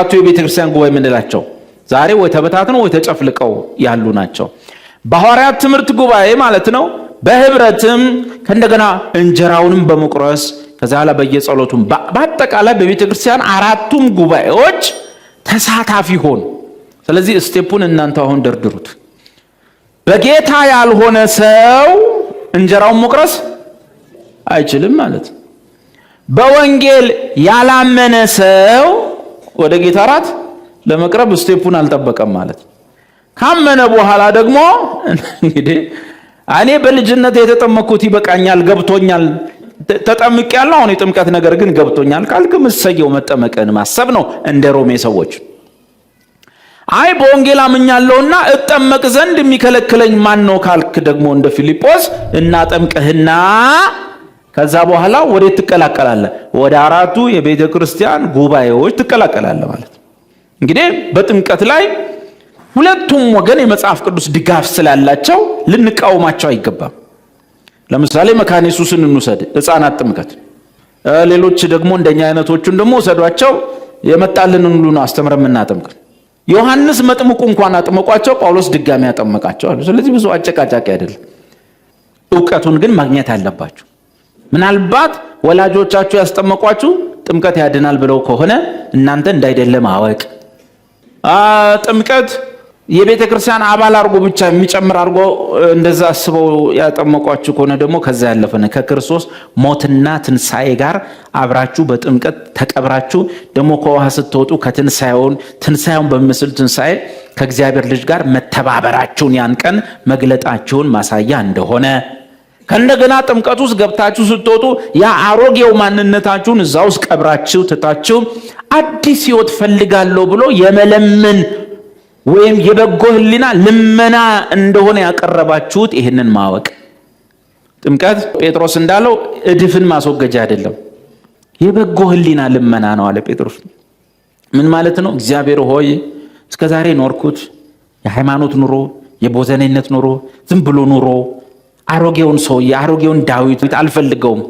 አራቱ የቤተ ክርስቲያን ጉባኤ የምንላቸው ዛሬ ወይ ተበታትነው ወይ ተጨፍልቀው ያሉ ናቸው። በሐዋርያት ትምህርት ጉባኤ ማለት ነው። በህብረትም ከእንደገና እንጀራውንም በመቁረስ ከዚ ላ በየጸሎቱም በአጠቃላይ በቤተ ክርስቲያን አራቱም ጉባኤዎች ተሳታፊ ሆኑ። ስለዚህ ስቴፑን እናንተ አሁን ደርድሩት። በጌታ ያልሆነ ሰው እንጀራውን መቁረስ አይችልም ማለት። በወንጌል ያላመነ ሰው ወደ ጌታ እራት ለመቅረብ ስቴፑን አልጠበቀም ማለት ካመነ በኋላ ደግሞ እንግዲህ እኔ በልጅነት የተጠመኩት ይበቃኛል፣ ገብቶኛል፣ ተጠምቅ ያለው አሁን የጥምቀት ነገር ግን ገብቶኛል ካልክ ምሰየው መጠመቅን ማሰብ ነው እንደ ሮሜ ሰዎች። አይ በወንጌል አምኛለሁና እጠመቅ ዘንድ የሚከለክለኝ ማን ነው ካልክ ደግሞ እንደ ፊልጶስ እናጠምቅህና ከዛ በኋላ ወዴት ትቀላቀላለህ? ወደ አራቱ የቤተ ክርስቲያን ጉባኤዎች ትቀላቀላለህ ማለት እንግዲህ በጥምቀት ላይ ሁለቱም ወገን የመጽሐፍ ቅዱስ ድጋፍ ስላላቸው ልንቃወማቸው አይገባም። ለምሳሌ መካነ ኢየሱስን እንውሰድ፣ ሕፃናት ጥምቀት። ሌሎች ደግሞ እንደኛ አይነቶቹን ደግሞ ውሰዷቸው፣ የመጣልን ሁሉ ነው አስተምረን የምናጠምቅ። ዮሐንስ መጥምቁ እንኳን አጥምቋቸው ጳውሎስ ድጋሚ አጠመቃቸው አሉ። ስለዚህ ብዙ አጨቃጫቂ አይደለም። እውቀቱን ግን ማግኘት አለባቸው። ምናልባት ወላጆቻችሁ ያስጠመቋችሁ ጥምቀት ያድናል ብለው ከሆነ እናንተ እንዳይደለ ማወቅ ጥምቀት የቤተ ክርስቲያን አባል አድርጎ ብቻ የሚጨምር አድርጎ እንደዛ አስበው ያጠመቋችሁ ከሆነ ደግሞ ከዛ ያለፈ ከክርስቶስ ሞትና ትንሣኤ ጋር አብራችሁ በጥምቀት ተቀብራችሁ ደግሞ ከውሃ ስትወጡ ከትንሣኤውን ትንሣኤውን በሚመስል ትንሣኤ ከእግዚአብሔር ልጅ ጋር መተባበራችሁን ያን ቀን መግለጣችሁን ማሳያ እንደሆነ ከእንደገና ጥምቀት ውስጥ ገብታችሁ ስትወጡ ያ አሮጌው ማንነታችሁን እዛ ውስጥ ቀብራችሁ ትታችሁ አዲስ ሕይወት ፈልጋለሁ ብሎ የመለመን ወይም የበጎ ሕሊና ልመና እንደሆነ ያቀረባችሁት ይህንን ማወቅ ጥምቀት ጴጥሮስ እንዳለው እድፍን ማስወገጃ አይደለም፣ የበጎ ሕሊና ልመና ነው አለ ጴጥሮስ። ምን ማለት ነው? እግዚአብሔር ሆይ እስከዛሬ ኖርኩት የሃይማኖት ኑሮ፣ የቦዘነኝነት ኑሮ፣ ዝም ብሎ ኑሮ አሮጌውን ሰውዬ አሮጌውን ዳዊት አልፈልገውም፣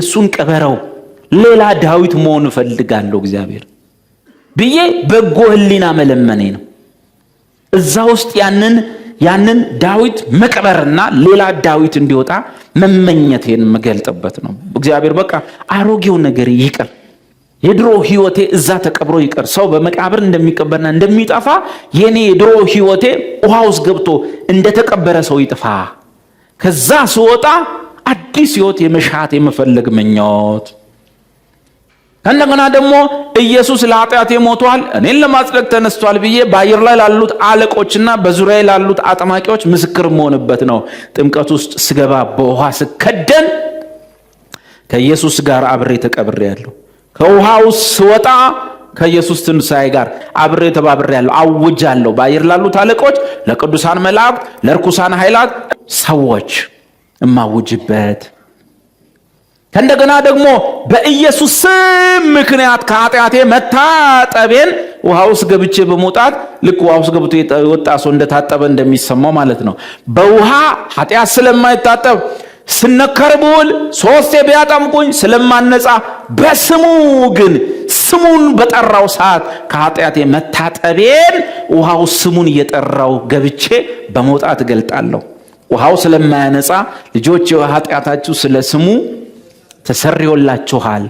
እሱን ቅበረው፣ ሌላ ዳዊት መሆን እፈልጋለሁ እግዚአብሔር ብዬ በጎ ህሊና መለመኔ ነው። እዛ ውስጥ ያንን ያንን ዳዊት መቅበርና ሌላ ዳዊት እንዲወጣ መመኘቴን የምገልጥበት ነው። እግዚአብሔር በቃ አሮጌው ነገር ይቅር፣ የድሮ ህይወቴ እዛ ተቀብሮ ይቅር። ሰው በመቃብር እንደሚቀበርና እንደሚጠፋ የኔ የድሮ ህይወቴ ውሃ ውስጥ ገብቶ እንደተቀበረ ሰው ይጥፋ። ከዛ ስወጣ አዲስ ህይወት የመሻት የመፈለግ ምኞት እንደገና ደግሞ ኢየሱስ ለኃጢአቴ ሞቷል እኔን ለማጽደቅ ተነስቷል ብዬ በአየር ላይ ላሉት አለቆችና በዙሪያ ላሉት አጥማቂዎች ምስክር መሆንበት ነው። ጥምቀት ውስጥ ስገባ በውሃ ስከደን ከኢየሱስ ጋር አብሬ ተቀብሬ ያለሁ። ከውሃ ውስጥ ስወጣ ከኢየሱስ ትንሣኤ ጋር አብሬ ተባብሬ ያለሁ አውጃለሁ። በአየር ላሉት አለቆች፣ ለቅዱሳን መላእክት፣ ለርኩሳን ኃይላት ሰዎች እማውጅበት ከእንደገና ደግሞ በኢየሱስ ስም ምክንያት ከኃጢአቴ መታጠቤን ውሃ ውስጥ ገብቼ በመውጣት ልክ ውሃ ውስጥ ገብቶ የወጣ ሰው እንደታጠበ እንደሚሰማው ማለት ነው። በውሃ ኃጢአት ስለማይታጠብ ስነከር ብውል ሶስቴ ቢያጠምቁኝ ስለማነጻ በስሙ ግን ስሙን በጠራው ሰዓት ከኃጢአቴ መታጠቤን ውሃው ስሙን እየጠራው ገብቼ በመውጣት እገልጣለሁ። ውሃው ስለማያነጻ ልጆች ኃጢአታችሁ ስለ ስሙ ተሰርዮላችኋል።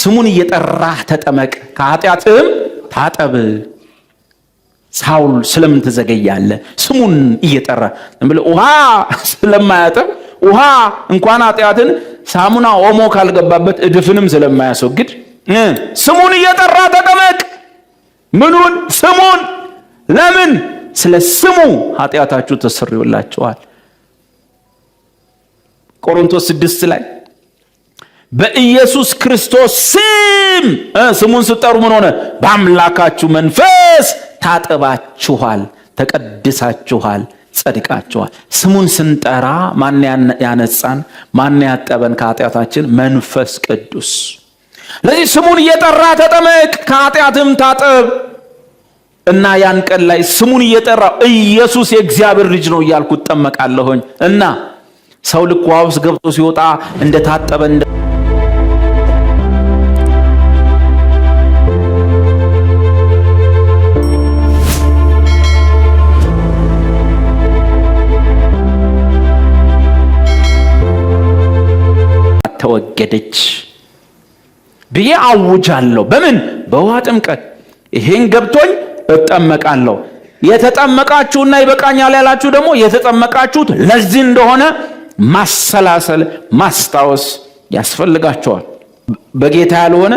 ስሙን እየጠራህ ተጠመቅ፣ ከኃጢአትህም ታጠብ። ሳውል ስለምን ትዘገያለ? ስሙን እየጠራ ውሃ ስለማያጠብ ውሃ እንኳን ኃጢአትን ሳሙና ኦሞ ካልገባበት እድፍንም ስለማያስወግድ ስሙን እየጠራ ተጠመቅ። ምኑን? ስሙን። ለምን? ስለ ስሙ ኃጢአታችሁ ተሰርዮላችኋል። ቆሮንቶስ ስድስት ላይ በኢየሱስ ክርስቶስ ስም ስሙን ስጠሩ ምን ሆነ? በአምላካችሁ መንፈስ ታጥባችኋል፣ ተቀድሳችኋል፣ ጸድቃችኋል። ስሙን ስንጠራ ማን ያነጻን? ማን ያጠበን ከኃጢአታችን? መንፈስ ቅዱስ ለዚህ ስሙን እየጠራ ተጠመቅ፣ ከኃጢአትም ታጠብ እና ያን ቀን ላይ ስሙን እየጠራ ኢየሱስ የእግዚአብሔር ልጅ ነው እያልኩ እጠመቃለሁኝ እና ሰው ልክ ውሃ ውስጥ ገብቶ ሲወጣ እንደታጠበ እንደ ተወገደች። ብዬ አውጃለሁ። በምን በውሃ ጥምቀት ይሄን ገብቶኝ እጠመቃለሁ። የተጠመቃችሁና ይበቃኛል ያላችሁ ደግሞ የተጠመቃችሁት ለዚህ እንደሆነ ማሰላሰል ማስታወስ ያስፈልጋቸዋል። በጌታ ያልሆነ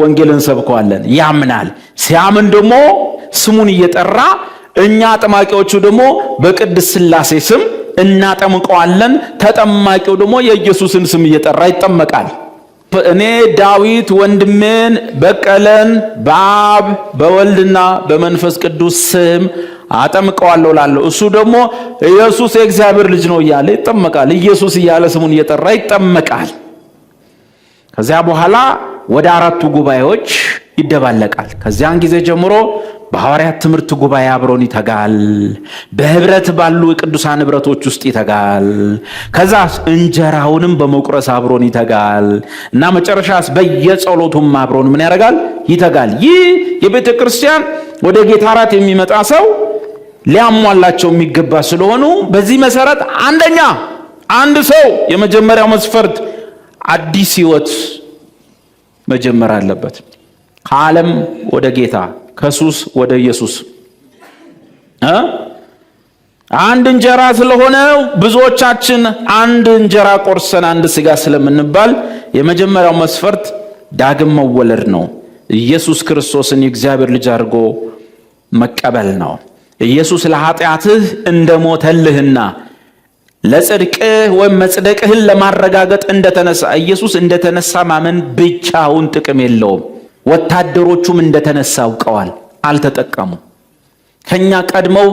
ወንጌል እንሰብከዋለን፣ ያምናል። ሲያምን ደግሞ ስሙን እየጠራ እኛ አጥማቂዎቹ ደግሞ በቅድስ ስላሴ ስም እናጠምቀዋለን። ተጠማቂው ደግሞ የኢየሱስን ስም እየጠራ ይጠመቃል። እኔ ዳዊት ወንድሜን በቀለን በአብ በወልድና በመንፈስ ቅዱስ ስም አጠምቀዋለሁ ላለሁ እሱ ደግሞ ኢየሱስ የእግዚአብሔር ልጅ ነው እያለ ይጠመቃል። ኢየሱስ እያለ ስሙን እየጠራ ይጠመቃል። ከዚያ በኋላ ወደ አራቱ ጉባኤዎች ይደባለቃል። ከዚያን ጊዜ ጀምሮ በሐዋርያት ትምህርት ጉባኤ አብሮን ይተጋል። በህብረት ባሉ የቅዱሳን ህብረቶች ውስጥ ይተጋል። ከዛ እንጀራውንም በመቁረስ አብሮን ይተጋል እና መጨረሻስ በየጸሎቱም አብሮን ምን ያደርጋል? ይተጋል። ይህ የቤተ ክርስቲያን ወደ ጌታ እራት የሚመጣ ሰው ሊያሟላቸው የሚገባ ስለሆኑ በዚህ መሰረት አንደኛ አንድ ሰው የመጀመሪያው መስፈርት አዲስ ህይወት መጀመር አለበት ከዓለም ወደ ጌታ ከሱስ ወደ ኢየሱስ እ አንድ እንጀራ ስለሆነው ብዙዎቻችን አንድ እንጀራ ቆርሰን አንድ ስጋ ስለምንባል የመጀመሪያው መስፈርት ዳግም መወለድ ነው። ኢየሱስ ክርስቶስን የእግዚአብሔር ልጅ አድርጎ መቀበል ነው። ኢየሱስ ለኃጢአትህ እንደሞተልህና ለጽድቅህ ወይም መጽደቅህን ለማረጋገጥ እንደተነሳ ኢየሱስ እንደተነሳ ማመን ብቻውን ጥቅም የለውም። ወታደሮቹም እንደተነሳ አውቀዋል፣ አልተጠቀሙ ከኛ ቀድመው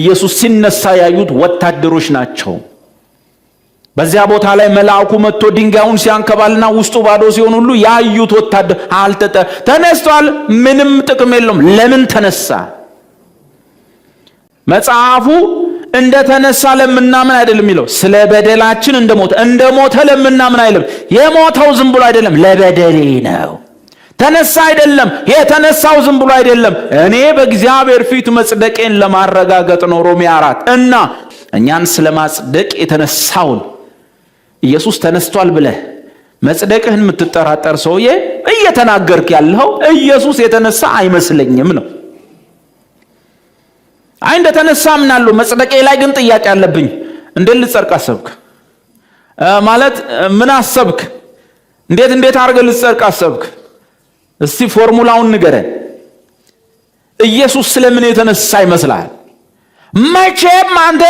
ኢየሱስ ሲነሳ ያዩት ወታደሮች ናቸው። በዚያ ቦታ ላይ መልአኩ መጥቶ ድንጋዩን ሲያንከባልና ውስጡ ባዶ ሲሆን ሁሉ ያዩት ወታደር አልተጠ ተነስቷል። ምንም ጥቅም የለውም። ለምን ተነሳ? መጽሐፉ እንደ ተነሳ ለምናምን አይደለም የሚለው ስለ በደላችን እንደሞተ እንደሞተ ለምናምን አይደለም። የሞተው ዝም ብሎ አይደለም፣ ለበደሌ ነው። ተነሳ አይደለም የተነሳው ዝም ብሎ አይደለም። እኔ በእግዚአብሔር ፊት መጽደቄን ለማረጋገጥ ነው። ሮሜ አራት እና እኛን ማጽደቅ የተነሳውን ኢየሱስ ተነስቷል ብለህ መጽደቅህን የምትጠራጠር ሰውዬ እየተናገርክ ያለው ኢየሱስ የተነሳ አይመስለኝም ነው። አይ እንደተነሳ አምናለሁ፣ መጽደቄ ላይ ግን ጥያቄ አለብኝ። እንዴት ልጸርቅ አሰብክ? ማለት ምን አሰብክ? እንዴት እንዴት አድርገ ልጸርቅ አሰብክ? እስቲ ፎርሙላውን ንገረን። ኢየሱስ ስለምን የተነሳ ይመስላል? መቼም አንተ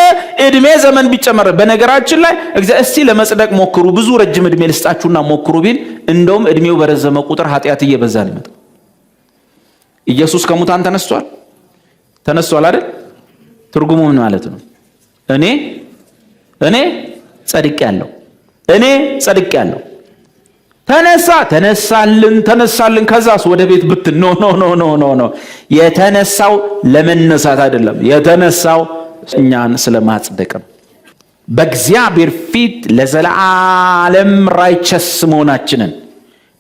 እድሜ ዘመን ቢጨመር በነገራችን ላይ እስቲ ለመጽደቅ ሞክሩ፣ ብዙ ረጅም እድሜ ልስጣችሁና ሞክሩ ቢል እንደውም እድሜው በረዘመ ቁጥር ኃጢአት እየበዛ ነው ይመጣ። ኢየሱስ ከሙታን ተነስቷል፣ ተነስቷል አይደል? ትርጉሙ ምን ማለት ነው? እኔ እኔ ጸድቅ ያለው እኔ ጸድቅ ያለው ተነሳ ተነሳልን ተነሳልን። ከዛስ ወደ ቤት ብት ኖ ኖ ኖ ኖ ኖ ኖ። የተነሳው ለመነሳት አይደለም። የተነሳው እኛን ስለማጽደቅ በእግዚአብሔር ፊት ለዘላለም ራይቸስ መሆናችንን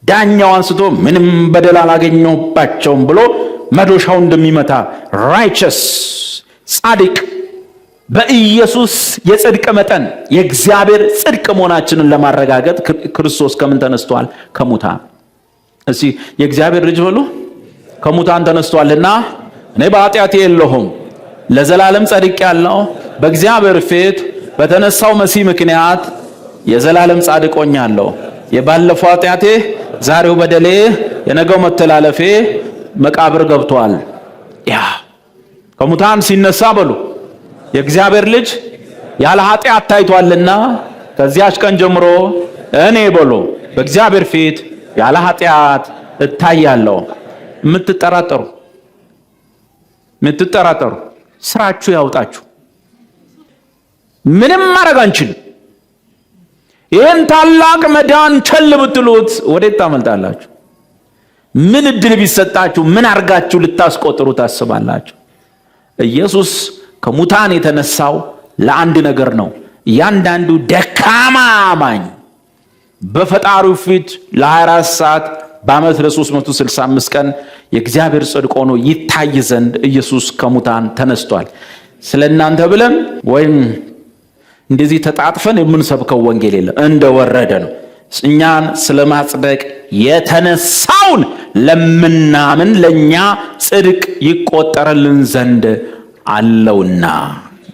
ዳኛው አንስቶ ምንም በደል አላገኘባቸውም ብሎ መዶሻው እንደሚመታ ራይቸስ ጻድቅ በኢየሱስ የጽድቅ መጠን የእግዚአብሔር ጽድቅ መሆናችንን ለማረጋገጥ ክርስቶስ ከምን ተነስቷል? ከሙታን። እስቲ የእግዚአብሔር ልጅ በሉ። ከሙታን ተነስቷልና እኔ በኃጢአቴ የለሁም ለዘላለም ጸድቅ ያለው በእግዚአብሔር ፊት በተነሳው መሲህ ምክንያት የዘላለም ጻድቆኛለሁ። የባለፈው ኃጢአቴ፣ ዛሬው በደሌ፣ የነገው መተላለፌ መቃብር ገብቷል። ያ ከሙታን ሲነሳ በሉ የእግዚአብሔር ልጅ ያለ ኃጢአት ታይቷልና ከዚያች ቀን ጀምሮ እኔ በሎ በእግዚአብሔር ፊት ያለ ኃጢአት እታያለሁ። የምትጠራጠሩ የምትጠራጠሩ ስራችሁ ያውጣችሁ። ምንም ማድረግ አንችልም። ይህን ታላቅ መዳን ቸል ብትሉት ወዴት ታመልጣላችሁ? ምን እድል ቢሰጣችሁ ምን አድርጋችሁ ልታስቆጥሩ ታስባላችሁ? ኢየሱስ ከሙታን የተነሳው ለአንድ ነገር ነው። እያንዳንዱ ደካማ አማኝ በፈጣሪው ፊት ለ24 ሰዓት በዓመት ለ365 ቀን የእግዚአብሔር ጽድቅ ሆኖ ይታይ ዘንድ ኢየሱስ ከሙታን ተነስቷል። ስለ እናንተ ብለን ወይም እንደዚህ ተጣጥፈን የምንሰብከው ወንጌል የለም፣ እንደወረደ ነው። እኛን ስለ ማጽደቅ የተነሳውን ለምናምን ለእኛ ጽድቅ ይቆጠረልን ዘንድ አለውና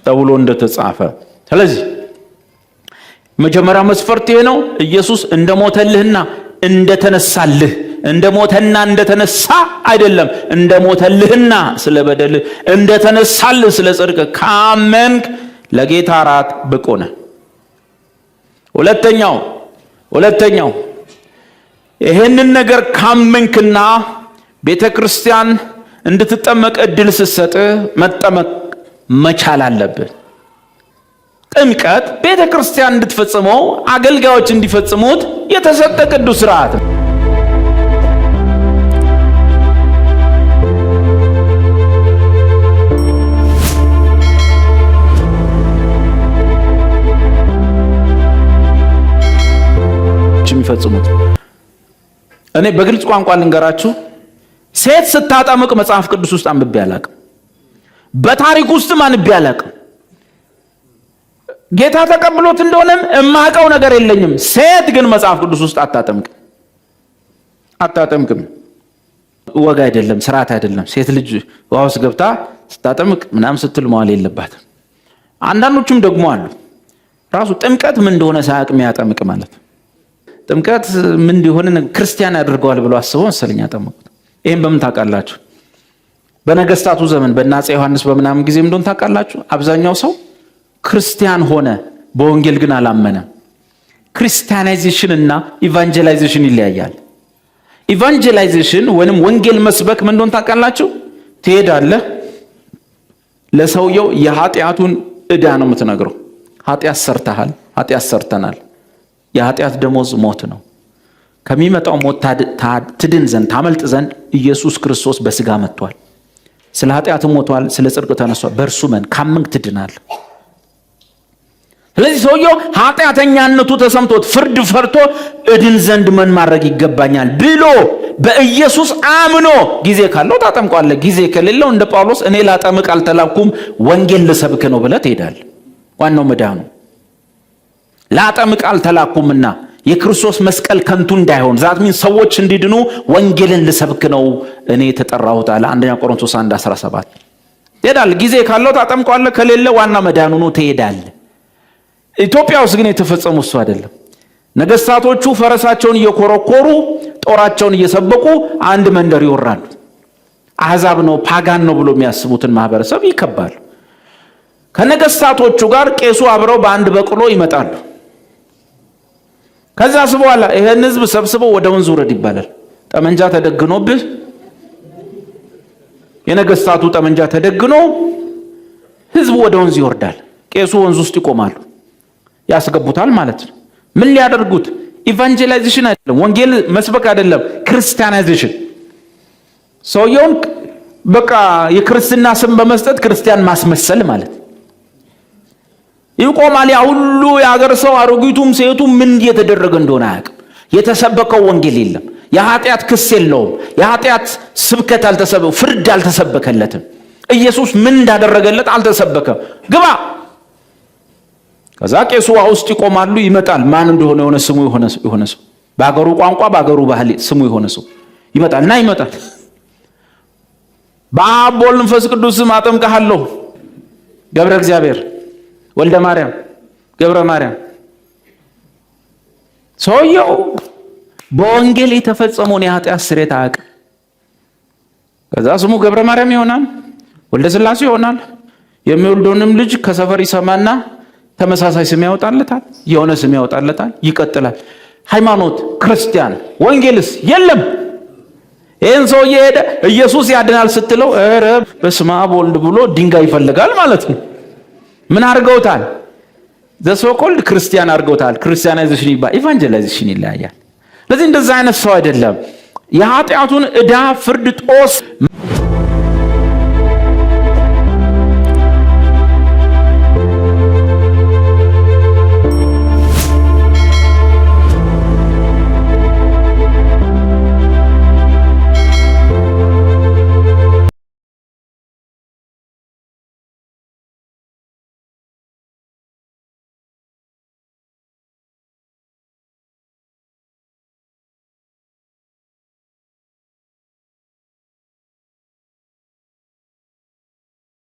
ተብሎ እንደተጻፈ። ስለዚህ መጀመሪያ መስፈርት ይሄ ነው። ኢየሱስ እንደ ሞተልህና እንደተነሳልህ እንደ ሞተና እንደተነሳ አይደለም፣ እንደ ሞተልህና ስለ በደልህ እንደተነሳልህ ስለ ጽድቅ ካመንክ ለጌታ እራት ብቁ ነህ። ሁለተኛው ሁለተኛው ይህንን ነገር ካመንክና ቤተ ክርስቲያን እንድትጠመቅ እድል ስሰጥ መጠመቅ መቻል አለብን። ጥምቀት ቤተ ክርስቲያን እንድትፈጽመው አገልጋዮች እንዲፈጽሙት የተሰጠ ቅዱስ ስርዓት ነው። የሚፈጽሙት እኔ በግልጽ ቋንቋ ልንገራችሁ ሴት ስታጠምቅ መጽሐፍ ቅዱስ ውስጥ አንብቤ አላቅም። በታሪክ ውስጥም አንቤ አላቅም። ጌታ ተቀብሎት እንደሆነም እማቀው ነገር የለኝም። ሴት ግን መጽሐፍ ቅዱስ ውስጥ አታጠምቅም አታጠምቅም። ወግ አይደለም፣ ስርዓት አይደለም። ሴት ልጅ ውሃ ውስጥ ገብታ ስታጠምቅ ምናም ስትል መዋል የለባትም። አንዳንዶቹም ደግሞ አሉ ራሱ ጥምቀት ምን እንደሆነ ሳያውቅ የሚያጠምቅ ማለት ጥምቀት ምን እንደሆነ ክርስቲያን ያደርገዋል ብሎ አስበው መሰለኝ ያጠመቁት ይህም በምን ታውቃላችሁ? በነገስታቱ ዘመን በእነ አፄ ዮሐንስ በምናምን ጊዜ እንደሆን ታውቃላችሁ። አብዛኛው ሰው ክርስቲያን ሆነ፣ በወንጌል ግን አላመነም። ክርስቲያናይዜሽን እና ኢቫንጀላይዜሽን ይለያያል። ኢቫንጀላይዜሽን ወይም ወንጌል መስበክ ምን እንደሆን ታውቃላችሁ? ትሄዳለህ፣ ለሰውየው የኃጢአቱን ዕዳ ነው የምትነግረው። ኃጢአት ሰርተሃል፣ ኃጢአት ሰርተናል፣ የኃጢአት ደሞዝ ሞት ነው ከሚመጣው ሞት ትድን ዘንድ ታመልጥ ዘንድ ኢየሱስ ክርስቶስ በስጋ መጥቷል። ስለ ኃጢአት ሞቷል፣ ስለ ጽድቅ ተነሷል። በእርሱ መን ካመንክ ትድናል። ስለዚህ ሰውየው ኃጢአተኛነቱ ተሰምቶት ፍርድ ፈርቶ እድን ዘንድ ምን ማድረግ ይገባኛል ብሎ በኢየሱስ አምኖ ጊዜ ካለው ታጠምቋለ ጊዜ ከሌለው እንደ ጳውሎስ እኔ ላጠምቅ አልተላኩም ወንጌል ልሰብክ ነው ብለ ትሄዳል። ዋናው መዳኑ ላጠምቅ አልተላኩምና የክርስቶስ መስቀል ከንቱ እንዳይሆን ዛትሚን ሰዎች እንዲድኑ ወንጌልን ልሰብክ ነው እኔ የተጠራሁት አለ። አንደኛ ቆሮንቶስ 1 17 ይሄዳል። ጊዜ ካለው ታጠምቋለ፣ ከሌለ ዋና መዳኑ ነው ትሄዳል። ኢትዮጵያ ውስጥ ግን የተፈጸሙ እሱ አይደለም። ነገስታቶቹ ፈረሳቸውን እየኮረኮሩ ጦራቸውን እየሰበቁ አንድ መንደር ይወራሉ። አሕዛብ ነው ፓጋን ነው ብሎ የሚያስቡትን ማህበረሰብ ይከባሉ። ከነገስታቶቹ ጋር ቄሱ አብረው በአንድ በቅሎ ይመጣሉ። ስ በኋላ ይሄን ህዝብ ሰብስበው ወደ ወንዝ ውረድ ይባላል። ጠመንጃ ተደግኖብህ የነገስታቱ ጠመንጃ ተደግኖ ህዝቡ ወደ ወንዝ ይወርዳል። ቄሱ ወንዝ ውስጥ ይቆማሉ፣ ያስገቡታል ማለት ነው። ምን ሊያደርጉት? ኢቫንጀላይዜሽን አይደለም፣ ወንጌል መስበክ አይደለም፣ ክርስቲያናይዜሽን። ሰውየውን በቃ የክርስትና ስም በመስጠት ክርስቲያን ማስመሰል ማለት ይቆማል። ያ ሁሉ የአገር ሰው አሮጊቱም ሴቱም ምን እየተደረገ እንደሆነ አያውቅም። የተሰበከው ወንጌል የለም። የኃጢአት ክስ የለውም። የኃጢአት ስብከት አልተሰበ ፍርድ አልተሰበከለትም። ኢየሱስ ምን እንዳደረገለት አልተሰበከም። ግባ ከዛ ቄሱ ውስጥ ይቆማሉ። ይመጣል ማን እንደሆነ የሆነ ስሙ የሆነ ሰው በሀገሩ ቋንቋ በሀገሩ ባህል ስሙ የሆነ ሰው ይመጣል እና ይመጣል በአብ በወልድ መንፈስ ቅዱስ ስም አጠምቅሃለሁ ገብረ እግዚአብሔር ወልደ ማርያም ገብረ ማርያም ሰውየው በወንጌል የተፈጸመውን የኃጢአት ስርየት አያውቅም። ከዛ ስሙ ገብረ ማርያም ይሆናል፣ ወልደ ስላሴ ይሆናል። የሚወልደውንም ልጅ ከሰፈር ይሰማና ተመሳሳይ ስም ያወጣለታል፣ የሆነ ስም ያወጣለታል። ይቀጥላል። ሃይማኖት ክርስቲያን፣ ወንጌልስ የለም። ይህን ሰውዬ ሄደ ኢየሱስ ያድናል ስትለው ኧረ በስመ አብ ወልድ ብሎ ድንጋይ ይፈልጋል ማለት ነው። ምን አድርገውታል? ዘሶኮልድ ክርስቲያን አድርገውታል። ክርስቲያናይዜሽን ይባል፣ ኢቫንጀላይዜሽን ይለያያል። ለዚህ እንደዛ አይነት ሰው አይደለም። የኃጢአቱን ዕዳ ፍርድ ጦስ